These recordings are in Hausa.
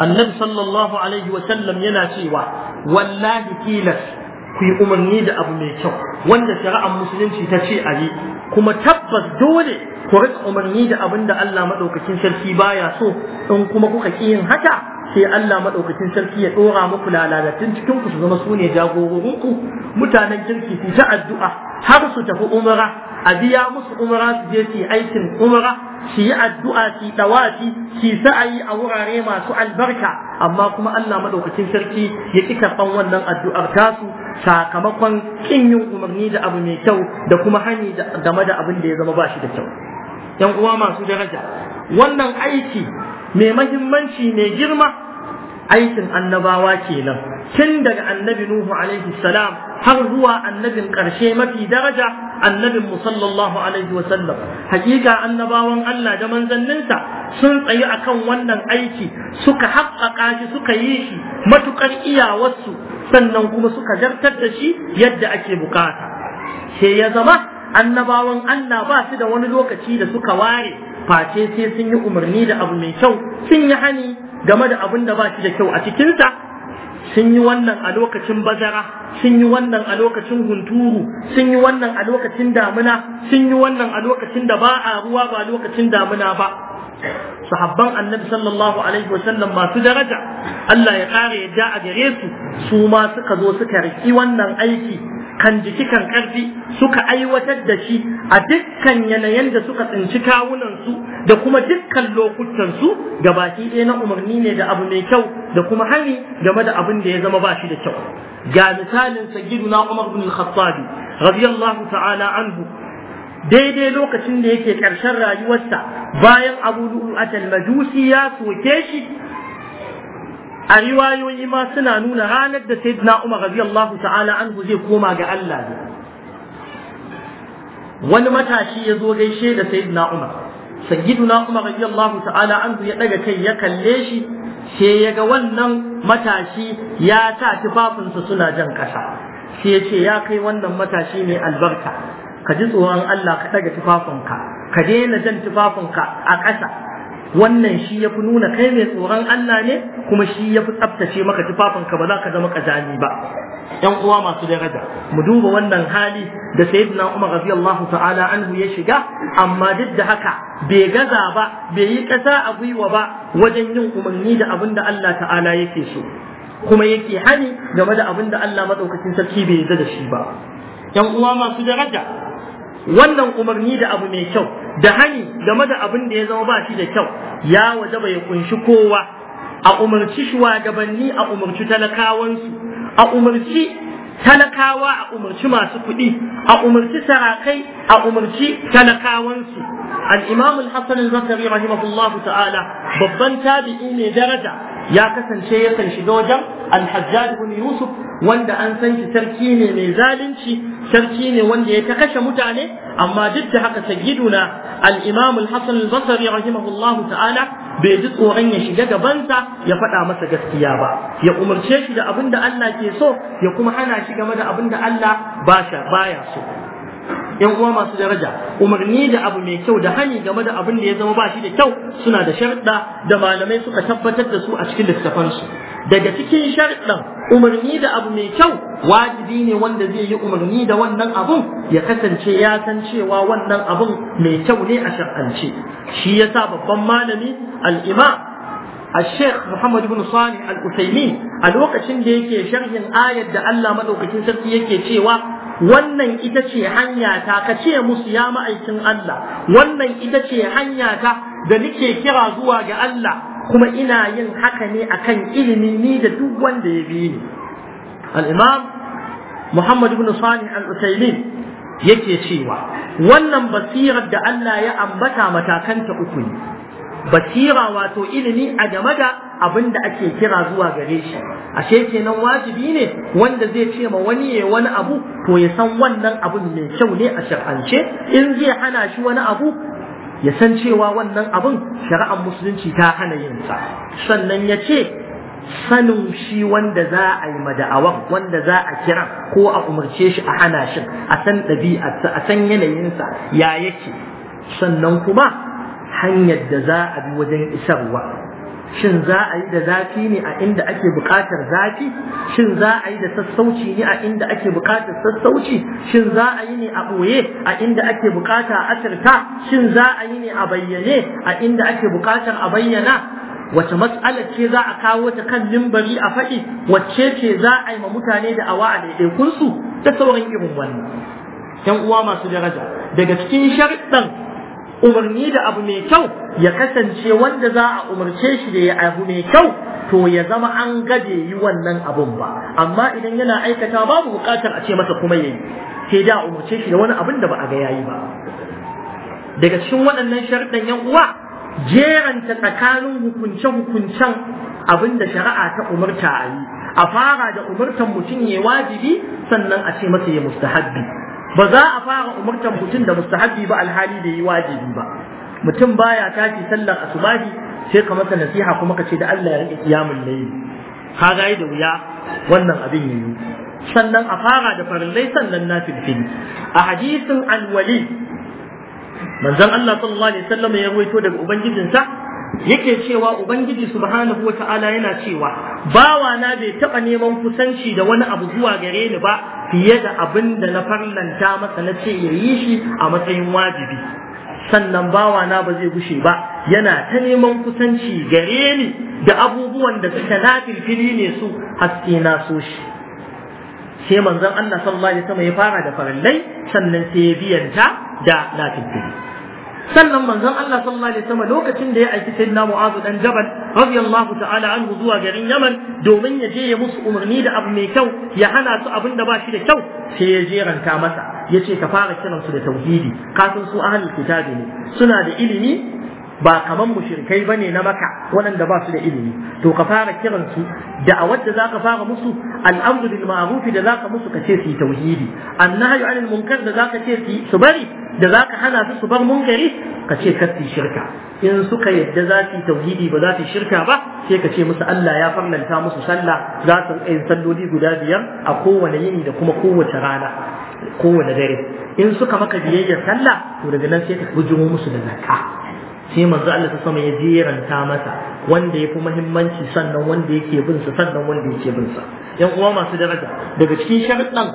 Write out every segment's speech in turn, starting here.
annabi sallallahu alaihi wa sallam yana cewa wallahi tilas ku yi umarni da abu mai kyau wanda shari'ar musulunci ta ce a yi kuma tabbas dole ku rika umarni da abin da Allah madaukakin sarki baya so in kuma kuka ki yin haka sai Allah maɗaukacin sarki ya ɗora muku lalatattun cikin ku su zama su ne jagororinku mutanen kirki su ta addu'a har su tafi umara a biya musu umara su je su yi aikin umara su yi addu'a su yi dawati su yi sa'ayi a wurare masu albarka amma kuma Allah madaukakin sarki ya ki karɓan wannan addu'ar tasu sakamakon kin yin umarni da abu mai kyau da kuma hani game da abin da ya zama ba shi da kyau yan uwa masu daraja wannan aiki mai mahimmanci mai girma aikin annabawa kenan tun daga annabi Nuhu alaihi salam har zuwa annabin ƙarshe mafi daraja annabin mu sallallahu alaihi wa sallam hakika annabawan Allah da manzanninsa sun tsayi akan wannan aiki suka haƙƙaƙa shi suka yi shi matuƙar iyawarsu sannan kuma suka jartar da shi yadda ake bukata sai ya zama annabawan Allah ba su da wani lokaci da suka ware face sai sun yi umarni da abu mai kyau sun yi hani game da abin da ba shi da kyau a cikinsa sun yi wannan a lokacin bazara sun yi wannan a lokacin hunturu sun yi wannan a lokacin damuna sun yi wannan a lokacin da ba a ruwa ba lokacin damuna ba sahabban annabi sallallahu alaihi wasallam masu daraja Allah ya kare yadda a gare su su ma suka zo suka riki wannan aiki kan jiki kan karfi suka aiwatar da shi a dukkan yanayin da suka tsinci kawunan su da kuma dukkan lokutan su gabaki ɗaya na umarni ne da abu mai kyau da kuma hani game da abin da ya zama ba shi da kyau ga misalin na Umar ibn al radiyallahu ta'ala anhu daidai lokacin da yake ƙarshen rayuwarsa bayan Abu Lu'lu'at majusi ya soke shi a riwayoyi ma suna nuna ranar da na Umar radiyallahu ta'ala anhu zai koma ga Allah wani matashi ya zo gaishe da na Umar sayyiduna umar radiyallahu ta'ala anzu ya daga kai ya kalle shi sai ya ga wannan matashi ya ta tufafinsa suna jan kasa sai ya ce ya kai wannan matashi mai albarka ka ji tsoron Allah ka daga tufafinka ka daina jan tufafinka a ƙasa wannan shi ya fi nuna kai mai tsoron Allah ne kuma shi ya fi tsabtace maka tufafinka ba za ka zama kazani ba yan uwa masu daraja mu duba wannan hali da sayyidina Umar radiyallahu ta'ala anhu ya shiga amma duk da haka bai gaza ba bai yi kasa a gwiwa ba wajen yin umarni da abin da Allah ta'ala yake so kuma yake hani game da abin da Allah madaukakin sarki bai yarda da shi ba yan uwa masu daraja wannan umarni da abu mai kyau da hani game da abin da ya zama ba shi da kyau ya waje bai kunshi kowa a umarci shugabanni a umarci talakawansu a umarci talakawa a umarci masu kuɗi a umarci sarakai a umarci talakawansu al-imam al zakari rahimahullahu ta'ala babban tabi'i ne daraja ya kasance yakan shiga wajen al-hajjaj ibn yusuf wanda an san shi sarki ne mai zalunci sarki ne wanda ya ta kashe mutane amma duk da haka sayyiduna al-imam al-hasan al-basri rahimahullah ta'ala bai ji tsoron ya shiga gabansa ya faɗa masa gaskiya ba ya umarce shi da abin da Allah ke so ya kuma hana shi game da abin da Allah ba baya so yan uwa masu daraja umarni da abu mai kyau da hani game da abin da ya zama ba shi da kyau suna da sharɗa da malamai suka tabbatar da su a cikin littafansu daga cikin sharɗin umarni da abu mai kyau wajibi ne wanda zai yi umarni da wannan abun ya kasance ya san cewa wannan abun mai kyau ne a shar'ance shi yasa babban malami al-imam Bin محمد al usaimi a lokacin da yake sharhin ayar da Allah madaukakin sarki yake cewa wannan ita ce hanya ta ka ce musu ya ma'aikin Allah wannan ita ce hanya ta da nake kira zuwa ga Allah kuma ina yin haka ne akan ilimi ni da duk wanda ya bi ni al-imam Muhammad ibn Salih al-Usaymin yake cewa wannan basirar da Allah ya ambata matakanta uku ne basira wato ilimi a game da abin da ake kira zuwa gare shi ashe kenan wajibi ne wanda zai ce ma wani ya wani abu to ya san wannan abun mai kyau ne a shar'ance in zai hana shi wani abu ya san cewa wannan abin shari'ar musulunci ta hana yin sa sannan ya ce sanin shi wanda za a yi mada'awar wanda za a kira ko a umarce shi a hana shi a san ɗabi'arsa a san yanayinsa ya yake sannan kuma hanyar da za a bi wajen isarwa shin za a yi da zafi ne a inda ake buƙatar zafi shin za a yi da sassauci ne a inda ake buƙatar sassauci shin za a yi ne a ɓoye a inda ake buƙata a asirta shin za a yi ne a bayyane a inda ake buƙatar a bayyana wace matsalar ce za a kawo ta kan limbari a faɗi wacce ce za a yi ma mutane da awa a daidaikunsu da sauran irin wannan yan uwa masu daraja daga cikin sharɗan umarni da abu mai kyau ya kasance wanda za a umarce shi da ya abu mai kyau to ya zama an gaje yi wannan abun ba amma idan yana aikata babu bukatar a ce masa kuma yayi sai da umarce shi da wani abun da ba a ga yayi ba daga cikin waɗannan sharɗan yan uwa jeranta tsakanin hukunce-hukuncen abin da shari'a ta umarta a yi a fara da umartan mutum ya wajibi sannan a ce masa ya mustahabbi ba za a fara umurtar mutum da mustahabi ba alhali da yi wajibi ba mutum baya tashi sallar asubahi sai ka masa nasiha kuma ka ce da Allah ya rike kiyamul layli ka ga da wuya wannan abin yayi sannan a fara da farillai sannan nafilfili a hadisin alwali manzon Allah sallallahu alaihi wasallam ya ruwaito daga ubangijinsa yake cewa ubangiji subhanahu wata'ala yana cewa bawa na bai taba neman kusanci da wani abu zuwa gare ni ba fiye da abin da na farlanta masa na ce ya yi shi a matsayin wajibi sannan bawa na ba zai gushe ba yana ta neman kusanci gare ni da abubuwan da suka na firfiri ne su haske na so shi sai manzon Allah sallallahu alaihi wasallam ya fara da farallai sannan sai ya biyanta da na firfiri sannan manzon Allah sallallahu alaihi wasallam lokacin da ya aiki na Mu'adh dan Jabal radiyallahu ta'ala anhu zuwa garin Yaman domin ya je ya musu umarni da abu mai kyau ya hana su abin da ba shi da kyau sai ya je ranka masa yace ka fara kiran su da tauhidi kafin su ahlul kitabi ne suna da ilimi ba kaman mushrikai bane na maka waɗanda ba su da ilimi to ka fara kiran su a wadda zaka fara musu al'amru bil ma'ruf da zaka musu ka ce su tauhidi annahyu 'anil munkar da zaka ce su su bari da zaka hana su su bar munkari ka ce kar su shirka in suka yadda za su tauhidi ba za su shirka ba sai ka ce musu Allah ya farlanta musu sallah za su yi salloli guda biyar a kowane yini da kuma kowace rana kowane dare in suka maka biyayyar sallah to daga nan sai ka bujimo musu da zakka sai manzo Allah sama ya jeranta masa wanda yafi muhimmanci sannan wanda yake bin sa sannan wanda yake bin sa yan uwa masu daraja daga cikin sharuɗan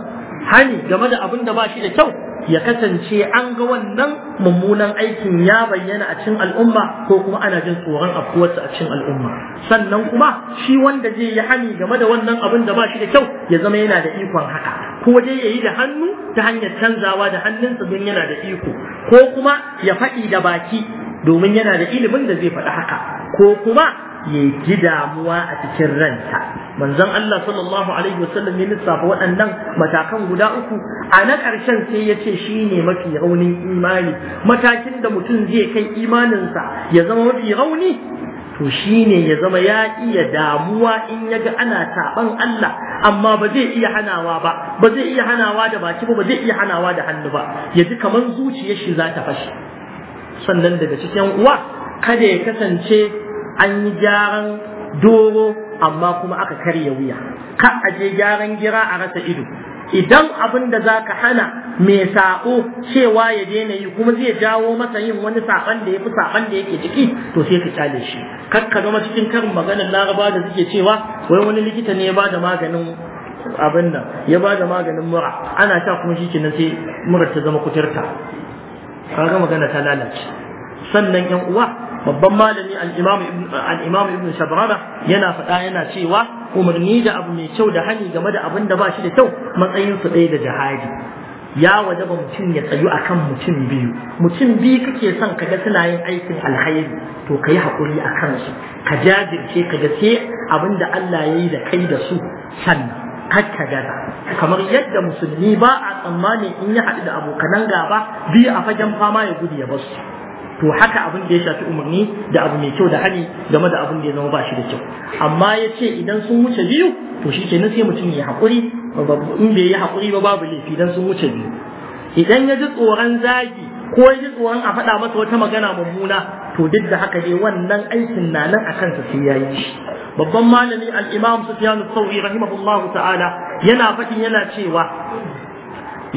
hani game da abin da ba shi da kyau ya kasance an ga wannan mummunan aikin ya bayyana a cikin al'umma ko kuma ana jin tsoron afkuwarsa a cikin al'umma sannan kuma shi wanda zai yi hani game da wannan abin da ba shi da kyau ya zama yana da ikon haka ko dai ya yi da hannu ta hanyar canzawa da hannunsa don yana da iko ko kuma ya faɗi da baki domin yana da ilimin da zai faɗi haka ko kuma ya ji damuwa a cikin ranta manzon Allah sallallahu alaihi wasallam ya lissafa waɗannan matakan guda uku a na ƙarshen sai ya ce shine mafi raunin imani matakin da mutum zai kai imaninsa ya zama mafi rauni to ne ya zama ya iya damuwa in ya ga ana taɓan Allah amma ba zai iya hanawa ba ba zai iya hanawa da baki ba ba zai iya hanawa da hannu ba ya ji kamar zuciyar shi za ta fashe sannan daga cikin uwa kada ya kasance an yi gyaran doro amma kuma aka karya wuya ka a je gyaran gira a rasa ido idan abin da zaka hana mai sako cewa ya daina yi kuma zai jawo masa yin wani saban da yafi saban da yake ciki to sai ka kyale shi kar ka zama cikin karin maganar laraba da suke cewa wai wani likita ne ya bada maganin abin nan ya bada maganin mura ana sha kuma shi kenan sai mura ta zama kuturta Ka ga magana ta lalace sannan yan uwa babban malami al-imam ibn shabrana yana faɗa yana cewa umarni da abu mai kyau da hani game da abin da ba shi da kyau matsayin su ɗaya da jihadi ya wajaba mutum ya tsayu akan mutum biyu mutum biyu kake son kaga suna yin aikin alhairi to ka yi haƙuri a kansu ka jajirce kaga sai abin da Allah ya yi da kai da su sannan hakka gaza kamar yadda musulmi ba a tsammanin in ya haɗu da abokanan gaba biyu a fagen fama ya gudu ya basu to haka abin da ya shafi umarni da abu mai kyau da hali game da abin da ya zama ba shi da kyau amma ya ce idan sun wuce biyu to shi ke sai mutum ya haƙuri in bai yi haƙuri ba babu laifi idan sun wuce biyu idan ya ji tsoron zagi ko ya ji tsoron a faɗa masa wata magana mummuna to duk da haka dai wannan aikin na nan a kansa sai ya yi shi babban malami al'imam su sufyan al-thawri rahimahullahu ta'ala yana faɗi yana cewa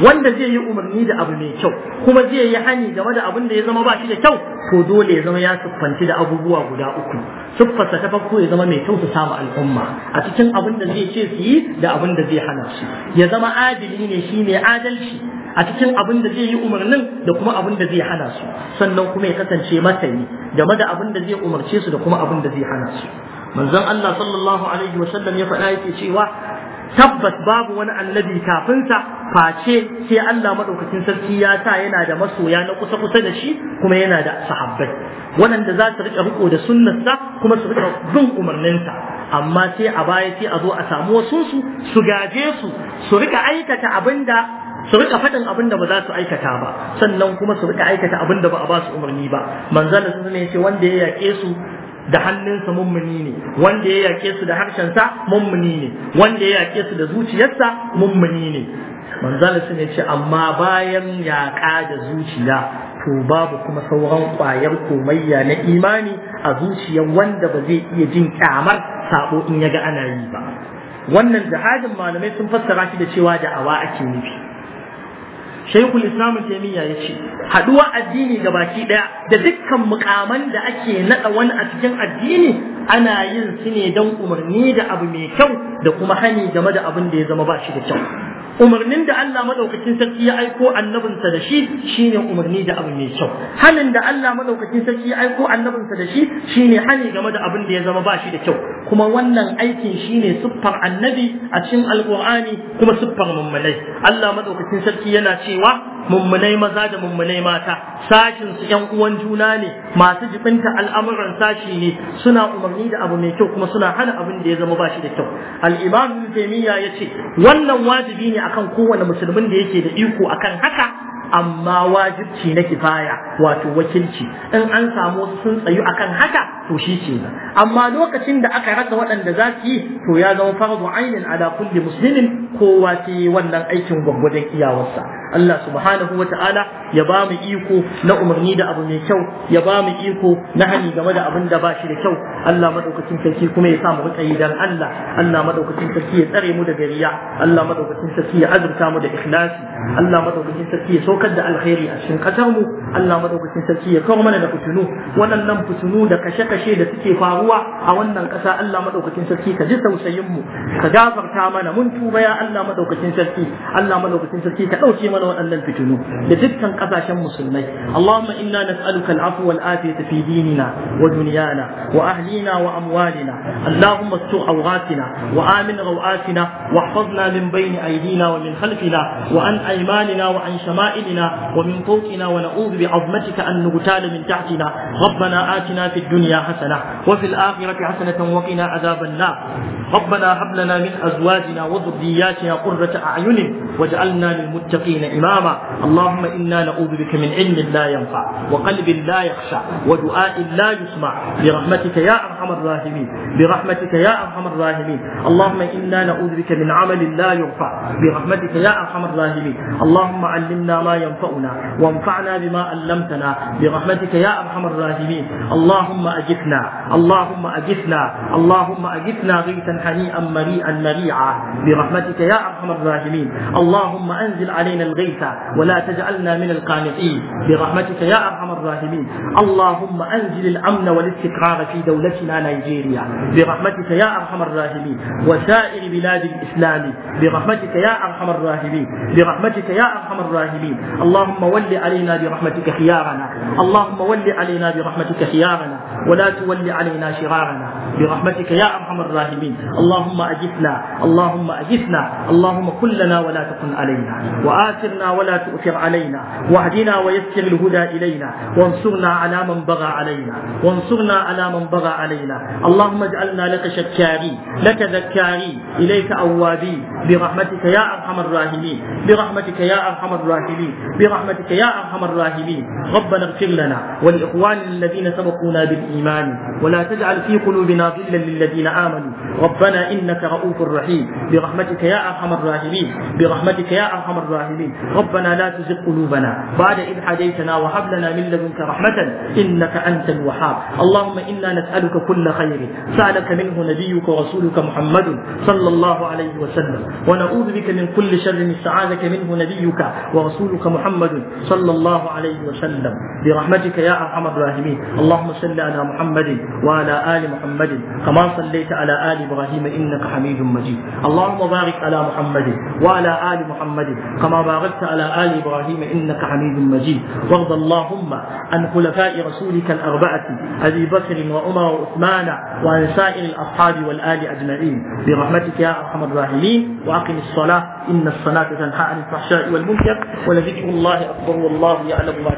wanda zai yi umarni da abu mai kyau kuma zai yi hani game da abin da ya zama ba shi da kyau to dole ya zama ya siffanci da abubuwa guda uku siffarsa ta farko ya zama mai kyau su samu al'umma a cikin abin da zai ce su yi da abin da zai hana su ya zama adili ne shi mai adalci a cikin abin da zai yi umarnin da kuma abin da zai hana su sannan kuma ya kasance masani game da abin da zai umarce su da kuma abin da zai hana su manzon Allah sallallahu alaihi wa sallam ya faɗa yake cewa tabbas babu wani annabi sa face sai Allah madaukakin sarki ya sa yana da masoya na kusa kusa da shi kuma yana da sahabbai waɗanda za su rika riko da sunnarsa kuma su rika bin umarninsa amma sai a baya sai a zo a samu wasu su su gaje su su rika aikata abinda su rika faɗin abin da ba za su aikata ba sannan kuma su rika aikata abin da ba a ba su umarni ba manzon da sun ce wanda ya yaƙe su da hannunsa mummuni ne wanda ya yake su da harshensa mummuni ne wanda ya yake su da zuciyarsa mummuni ne manzala sun ce amma bayan yaƙa da zuciya to babu kuma sauran ƙwayar komayya na imani a zuciyar wanda ba zai iya jin ƙyamar sabo in ya ga ana yi ba wannan jihadin malamai sun fassara shi da cewa da'awa ake nufi shaikul islam Jamiya ya ce haduwa addini ga baki ɗaya da dukkan mukaman da ake naɗa wani a cikin addini ana yin su ne don umarni da abu mai kyau da kuma hani game da abin da ya zama ba shi da kyau umarnin da Allah madaukakin sarki ya aiko annabinsa da shi shine umarni da abu mai kyau hanin da Allah madaukakin sarki ya aiko annabinsa da shi shine hani game da abin da ya zama ba shi da kyau kuma wannan aikin shine siffar annabi a cikin alqur'ani kuma siffar mummunai Allah madaukakin sarki yana cewa mummunai maza da mummunai mata sashin su yan uwan juna ne masu jibinta al'amuran sashi ne suna umarni da abu mai kyau kuma suna hana abin da ya zama ba shi da kyau al-imam ibn taymiya yace wannan wajibi ne akan kowane musulmin da yake da iko akan haka amma wajibci na kifaya wato wakilci in an samu sun tsayu akan haka to shi ce amma lokacin da aka rasa waɗanda za su yi to ya zama fardu ainin ala kulli muslimin kowa wannan aikin gwaggwadon iyawarsa Allah subhanahu wa ta'ala ya ba mu iko na umarni da abu mai kyau ya ba mu iko na hani game da abin da ba shi da kyau Allah madaukakin sarki kuma ya sa mu rika yi dan Allah Allah madaukakin sarki ya tsare mu da gariya, Allah madaukakin sarki ya azurta mu da ikhlasi Allah madaukakin sarki ya saukar da alkhairi a cikin kasar mu Allah madaukakin sarki ya kawo mana da fitunu waɗannan fitunu da kashe-kashe da suke faruwa a wannan ƙasa Allah madaukakin sarki ka ji tausayin mu ka gafarta mana mun tuba ya Allah madaukakin sarki Allah madaukakin sarki ka ɗauke mana waɗannan fitunu da dukkan ƙasashen musulmai Allahumma inna nas'aluka al'afwa wal afiyata fi dinina wa dunyana wa ahli أهلينا وأموالنا اللهم استر عوراتنا وآمن روآتنا واحفظنا من بين أيدينا ومن خلفنا وعن أيماننا وعن شمائلنا ومن فوقنا ونعوذ بعظمتك أن نغتال من تحتنا ربنا آتنا في الدنيا حسنة وفي الآخرة حسنة وقنا عذاب النار ربنا هب لنا من أزواجنا وذرياتنا قرة أعين واجعلنا للمتقين إماما اللهم إنا نعوذ بك من علم لا ينفع وقلب لا يخشع ودعاء لا يسمع برحمتك يا أرحم الراحمين برحمتك يا أرحم الراحمين اللهم إنا نعوذ بك من عمل لا يرفع برحمتك يا أرحم الراحمين اللهم علمنا ما ينفعنا وانفعنا بما علمتنا برحمتك يا أرحم الراحمين اللهم أجفنا اللهم أجفنا اللهم أجفنا غيثا هنيئا مريئا مريعا برحمتك يا أرحم الراحمين اللهم أنزل علينا الغيث ولا تجعلنا من القانعين برحمتك يا أرحم الراحمين اللهم أنزل الأمن والاستقرار في دولتنا دولتنا نيجيريا برحمتك يا أرحم الراحمين وسائر بلاد الإسلام برحمتك يا أرحم الراحمين برحمتك يا أرحم الراحمين اللهم ول علينا برحمتك خيارنا اللهم ول علينا برحمتك خيارنا ولا تول علينا شرارنا برحمتك يا أرحم الراحمين اللهم أجثنا اللهم أجثنا اللهم كن لنا ولا تكن علينا وآثرنا ولا تؤثر علينا واهدنا ويسر الهدى إلينا وانصرنا على من بغى علينا وانصرنا على من بغى علينا اللهم اجعلنا لك شكاري لك ذكاري إليك أوابي برحمتك يا أرحم الراحمين برحمتك يا أرحم الراحمين برحمتك يا أرحم الراحمين ربنا اغفر لنا ولإخواننا الذين سبقونا بالإيمان ولا تجعل في قلوبنا غلا للذين آمنوا ربنا إنك رؤوف رحيم برحمتك يا أرحم الراحمين برحمتك يا أرحم الراحمين ربنا لا تزغ قلوبنا بعد إذ هديتنا وهب لنا من لدنك رحمة إنك أنت الوهاب اللهم إنا نسألك نسألك كل خير سألك منه نبيك ورسولك محمد صلى الله عليه وسلم ونعوذ بك من كل شر استعاذك منه نبيك ورسولك محمد صلى الله عليه وسلم برحمتك يا أرحم الراحمين اللهم صل على محمد وعلى آل محمد كما صليت على آل إبراهيم إنك حميد مجيد اللهم بارك على محمد وعلى آل محمد كما باركت على آل إبراهيم إنك حميد مجيد وارض اللهم عن خلفاء رسولك الأربعة أبي بكر وعمر وعثمان وعن سائر الأصحاب والآل أجمعين برحمتك يا أرحم الراحمين وأقم الصلاة إن الصلاة تنهى عن الفحشاء والمنكر ولذكر الله أكبر والله يعلم ما